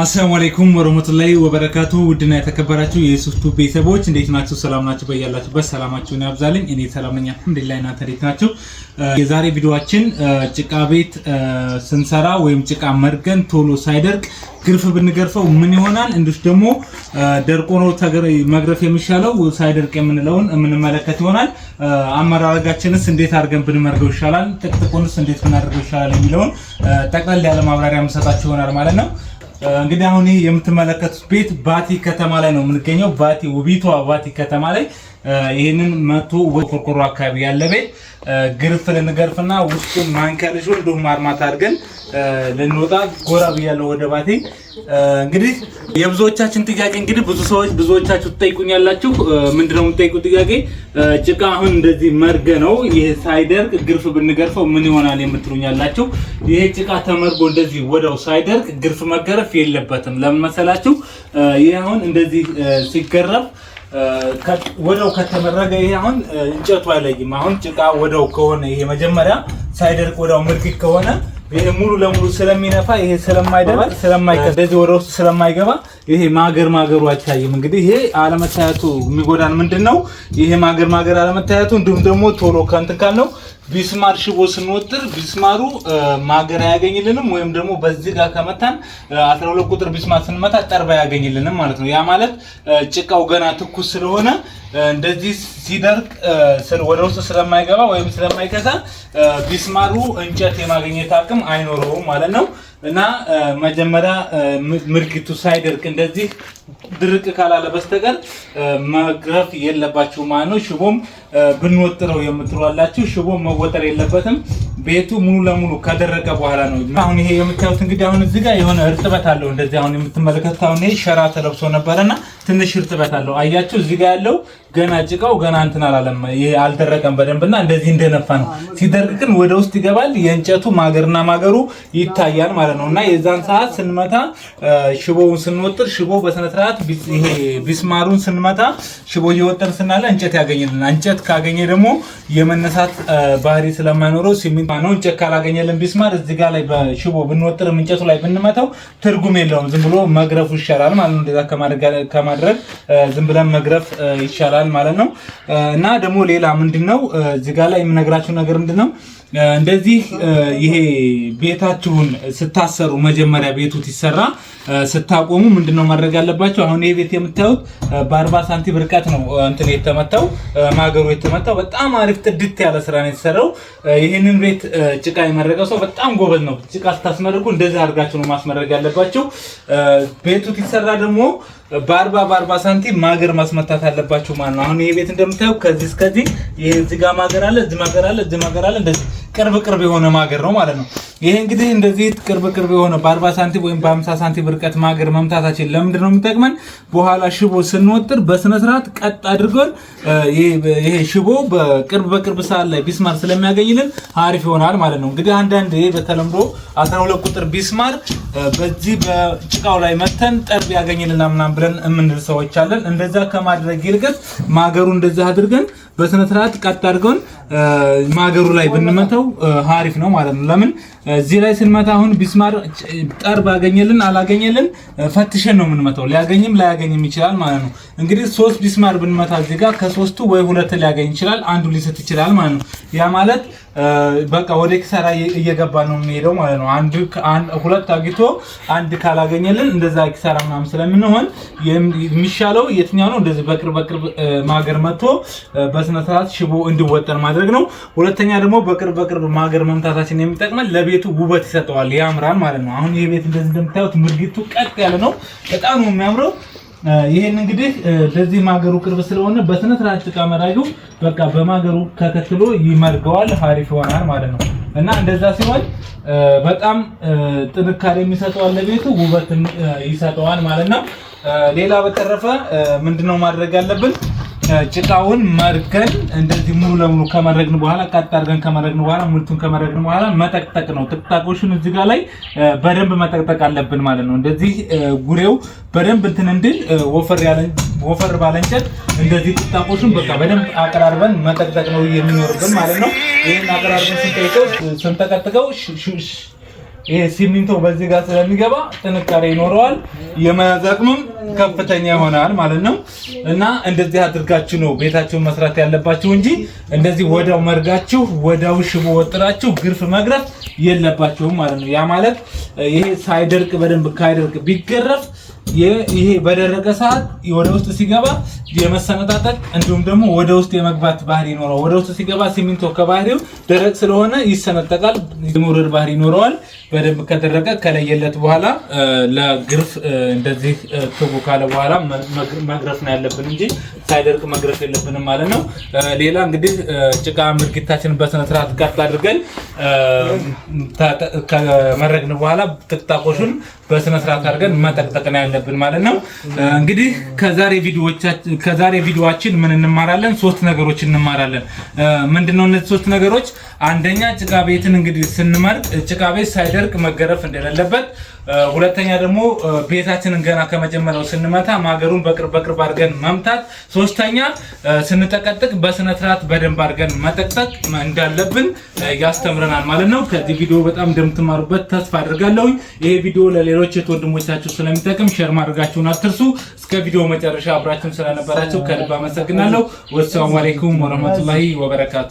አሰላሙ አለይኩም ወረህመቱላሂ ወበረካቱ። ውድና የተከበራችሁ የሱፍቱ ቤተሰቦች እንዴት ናቸው? ሰላም ናቸው? በያላችሁበት ሰላማችሁን ያብዛልኝ። እኔ ሰላም ነኝ አልሐምዱሊላህ። እናንተ እንዴት ናቸው? የዛሬ ቪዲዮአችን ጭቃ ቤት ስንሰራ ወይም ጭቃ መርገን ቶሎ ሳይደርቅ ግርፍ ብንገርፈው ምን ይሆናል፣ እንዲሁም ደግሞ ደርቆ ነው መግረፍ የሚሻለው ሳይደርቅ የምንለውን የምንመለከት ይሆናል። አመራረጋችንስ እንዴት አድርገን ብንመርገው ይሻላል፣ ጥቅጥቁንስ እንዴት ብናደርገው ይሻላል የሚለውን ጠቅለል ያለ ማብራሪያ የምሰጣችሁ ይሆናል ማለት ነው። እንግዲህ አሁን ይህ የምትመለከቱት ቤት ባቲ ከተማ ላይ ነው የምንገኘው። ባቲ ውቢቷ ባቲ ከተማ ላይ ይህንን መቶ ቆርቆሮ አካባቢ ያለ ቤት ግርፍ ልንገርፍና ውስጡ ማንከርሾ እንዲሁም አድርገን ልንወጣ ጎራ ብያለሁ ወደ ባቲ እንግዲህ የብዙዎቻችን ጥያቄ እንግዲህ ብዙ ሰዎች ብዙዎቻችሁ ትጠይቁኛላችሁ። ምንድነው የምትጠይቁት ጥያቄ ጭቃ አሁን እንደዚህ መርገ ነው ይህ ሳይደርቅ ግርፍ ብንገርፈው ምን ይሆናል የምትሉኛላችሁ። ይሄ ጭቃ ተመርጎ እንደዚህ ወደው ሳይደርቅ ግርፍ መገረፍ የለበትም። ለምን መሰላችሁ? አሁን እንደዚህ ሲገረፍ ወደው ከተመረገ ይሄ አሁን እንጨቱ አይለይም። አሁን ጭቃ ወደው ከሆነ ይሄ መጀመሪያ ሳይደርቅ ወደው ምርግ ከሆነ ይሄ ሙሉ ለሙሉ ስለሚነፋ ይሄ ስለማይደረግ ስለማይከ በዚህ ወደ ውስጥ ስለማይገባ ይሄ ማገር ማገሩ አይታይም። እንግዲህ ይሄ አለመታየቱ የሚጎዳን ምንድን ነው? ይሄ ማገር ማገር አለመታየቱ እንዲሁም ደግሞ ቶሎ ከእንትን ነው ቢስማር ሽቦ ስንወጥር ቢስማሩ ማገሪያ አያገኝልንም፣ ወይም ደግሞ በዚህ ጋር ከመታን 12 ቁጥር ቢስማር ስንመታ ጠርባ አያገኝልንም ማለት ነው። ያ ማለት ጭቃው ገና ትኩስ ስለሆነ እንደዚህ ሲደርቅ ወደ ውስጥ ስለማይገባ ወይም ስለማይከሳ ቢስማሩ እንጨት የማግኘት አቅም አይኖረውም ማለት ነው። እና መጀመሪያ ምርጊቱ ሳይደርቅ እንደዚህ ድርቅ ካላለ በስተቀር መግረፍ የለባችሁ ማለት ነው። ሽቦም ብንወጥረው የምትሏላችሁ ሽቦም መወጠር የለበትም። ቤቱ ሙሉ ለሙሉ ከደረቀ በኋላ ነው። አሁን ይሄ የምታዩት እንግዲህ አሁን እዚህ ጋር የሆነ እርጥበት አለው። እንደዚህ አሁን የምትመለከቱት አሁን ይሄ ሸራ ተለብሶ ነበረና ትንሽ እርጥበት አለው። አያችሁ እዚህ ጋር ያለው ገና ጭቃው ገና እንትን አላለም፣ ይሄ አልደረቀም በደንብና እንደዚህ እንደነፋ ነው። ሲደርቅ ግን ወደ ውስጥ ይገባል። የእንጨቱ ማገርና ማገሩ ይታያል ማለት ነው። እና የዛን ሰዓት ስንመታ ሽቦውን ስንወጥር ሽቦ በስነ ስርዓት ይሄ ቢስማሩን ስንመታ ሽቦ እየወጠር ስናለ እንጨት ያገኝልና እንጨት ካገኘ ደግሞ የመነሳት ባህሪ ስለማይኖረው ሲሚ ነው። እንጨት ካላገኘልን ቢስማር እዚህ ጋር ላይ በሽቦ ብንወጥርም እንጨቱ ላይ ብንመታው ትርጉም የለውም። ዝም ብሎ መግረፉ ይሻላል ማለት ነው። እንደዛ ከማድረግ ዝም ብለን መግረፍ ይሻላል ማለት ነው። እና ደግሞ ሌላ ምንድን ነው እዚህ ጋር ላይ የምነግራችሁ ነገር ምንድን ነው እንደዚህ ይሄ ቤታችሁን ስታሰሩ መጀመሪያ ቤቱ ሲሰራ ስታቆሙ ምንድነው ማድረግ ያለባቸው? አሁን ይሄ ቤት የምታዩት በአርባ ሳንቲም ርቀት ነው እንትን የተመታው ማገሩ የተመታው በጣም አሪፍ ጥድት ያለ ስራ ነው የተሰራው። ይህንን ቤት በፊት ጭቃ የመረገው ሰው በጣም ጎበዝ ነው። ጭቃ ስታስመርጉ እንደዚህ አድርጋችሁ ነው ማስመረግ ያለባችሁ። ቤቱ ሲሰራ ደግሞ በአርባ በአርባ ሳንቲም ማገር ማስመታት አለባችሁ ማለት ነው። አሁን ይሄ ቤት እንደምታየው ከዚህ እስከዚህ ይሄ እዚህ ጋር ማገር አለ፣ እዚህ ማገር አለ፣ እዚህ ማገር አለ እንደዚህ ቅርብ ቅርብ የሆነ ማገር ነው ማለት ነው። ይሄ እንግዲህ እንደዚህ ቅርብ ቅርብ የሆነ በ40 ሳንቲም ወይም በ50 ሳንቲም ርቀት ማገር መምታታችን ለምንድን ነው የሚጠቅመን? በኋላ ሽቦ ስንወጥር በስነ ስርዓት ቀጥ አድርገን ይሄ ሽቦ በቅርብ በቅርብ ሰዓት ላይ ቢስማር ስለሚያገኝልን አሪፍ ይሆናል ማለት ነው። እንግዲህ አንዳንድ ይሄ በተለምዶ 12 ቁጥር ቢስማር በዚህ በጭቃው ላይ መተን ጠርብ ያገኝልና ምናምን ብለን የምንል ሰዎች አለን። እንደዛ ከማድረግ ይልቅስ ማገሩ እንደዛ አድርገን በስነ ስርዓት ቀጥ አድርገን ማገሩ ላይ ብንመተው ሀሪፍ ነው ማለት ነው። ለምን እዚህ ላይ ስንመታ አሁን ቢስማር ጠር ባገኘልን አላገኘልን ፈትሸን ነው የምንመታው። ሊያገኝም ላያገኝም ይችላል ማለት ነው። እንግዲህ ሶስት ቢስማር ብንመታ እዚህ ጋር ከሶስቱ ወይ ሁለት ሊያገኝ ይችላል፣ አንዱ ሊስት ይችላል ማለት ነው። ያ ማለት በቃ ወደ ኪሳራ እየገባ ነው የሚሄደው ማለት ነው። አንድ ሁለት አግኝቶ አንድ ካላገኘልን እንደዛ ኪሳራ ምናምን ስለምንሆን የሚሻለው የትኛው ነው? እንደዚህ በቅርብ በቅርብ ማገር መጥቶ በስነ ስርዓት ሽቦ እንዲወጠር ማድረግ ነው። ሁለተኛ ደግሞ በቅርብ በቅርብ ማገር መምታታችን የሚጠቅመን ለቤቱ ውበት ይሰጠዋል፣ ያምራል ማለት ነው። አሁን ይህ ቤት እንደዚህ እንደምታዩት ምርጊቱ ቀጥ ያለ ነው። በጣም ነው የሚያምረው ይሄን እንግዲህ ለዚህ ማገሩ ቅርብ ስለሆነ በስነ ስርዓት ጭቃ በቃ በማገሩ ተከትሎ ይመርገዋል፣ ሀሪፍ ይሆናል ማለት ነው። እና እንደዛ ሲሆን በጣም ጥንካሬ የሚሰጠዋል፣ ለቤቱ ውበት ይሰጠዋል ማለት ነው። ሌላ በተረፈ ምንድነው ማድረግ ያለብን? ጭቃውን መርከን እንደዚህ ሙሉ ለሙሉ ከመረግን በኋላ ቀጥ አድርገን ከመረግን በኋላ ሙልቱን ከመረግን በኋላ መጠቅጠቅ ነው። ጥቅጣቆሹን እዚህ ጋር ላይ በደንብ መጠቅጠቅ አለብን ማለት ነው። እንደዚህ ጉሬው በደንብ እንትን እንድል ወፈር ያለ ወፈር ባለ እንጨት እንደዚህ ጥቅጣቆሹን በቃ በደንብ አቀራርበን መጠቅጠቅ ነው የሚኖርብን ማለት ነው። ይህን አቀራርበን ስንጠይቀው ስንጠቀጥቀው ይሄ ሲሚንቶ በዚህ ጋር ስለሚገባ ጥንካሬ ይኖረዋል የመያዝ አቅምም ከፍተኛ ይሆናል ማለት ነው። እና እንደዚህ አድርጋችሁ ነው ቤታችሁን መስራት ያለባችሁ እንጂ እንደዚህ ወዳው መርጋችሁ ወዳው ሽቦ ወጥራችሁ ግርፍ መግረፍ የለባችሁም ማለት ነው። ያ ማለት ይሄ ሳይደርቅ በደንብ ካይደርቅ ቢገረፍ ይሄ በደረቀ ሰዓት ወደ ውስጥ ሲገባ የመሰነጣጠቅ እንዲሁም ደግሞ ወደ ውስጥ የመግባት ባህሪ ይኖረዋል። ወደ ውስጥ ሲገባ ሲሚንቶ ከባህሪው ደረቅ ስለሆነ ይሰነጠቃል፣ የመውረድ ባህሪ ይኖረዋል። በደንብ ከደረቀ ከለየለት በኋላ ለግርፍ እንደዚህ ክቡ ካለ በኋላ መግረፍ ነው ያለብን እንጂ ሳይደርቅ መግረፍ የለብንም ማለት ነው። ሌላ እንግዲህ ጭቃ ምርጊታችንን በስነስርዓት ቀጥ አድርገን ከመረግን በኋላ ትቅጣቆሹን በስነስርዓት አድርገን መጠቅጠቅ ነው ያለብን። አለብን ማለት ነው። እንግዲህ ከዛሬ ቪዲዮዎቻችን ከዛሬ ቪዲዮዎችን ምን እንማራለን? ሶስት ነገሮች እንማራለን። ምንድነው እነዚህ ሶስት ነገሮች? አንደኛ ጭቃ ቤትን እንግዲህ ስንመርጥ ጭቃ ቤት ሳይደርቅ መገረፍ እንደሌለበት፣ ሁለተኛ ደግሞ ቤታችንን ገና ከመጀመሪያው ስንመታ ማገሩን በቅርብ በቅርብ አድርገን መምታት፣ ሶስተኛ ስንጠቀጥቅ በስነ ስርዓት በደንብ አድርገን መጠቅጠቅ እንዳለብን ያስተምረናል ማለት ነው። ከዚህ ቪዲዮ በጣም እንደምትማሩበት ተስፋ አድርጋለሁ። ይሄ ቪዲዮ ለሌሎች ወንድሞቻችሁ ስለሚጠቅም ሼር ማድረጋችሁን አትርሱ። እስከ ቪዲዮ መጨረሻ አብራችሁን ስለነበራችሁ ከልብ አመሰግናለሁ። ወሰላሙ አሌይኩም ወረህመቱላሂ ወበረካቱ።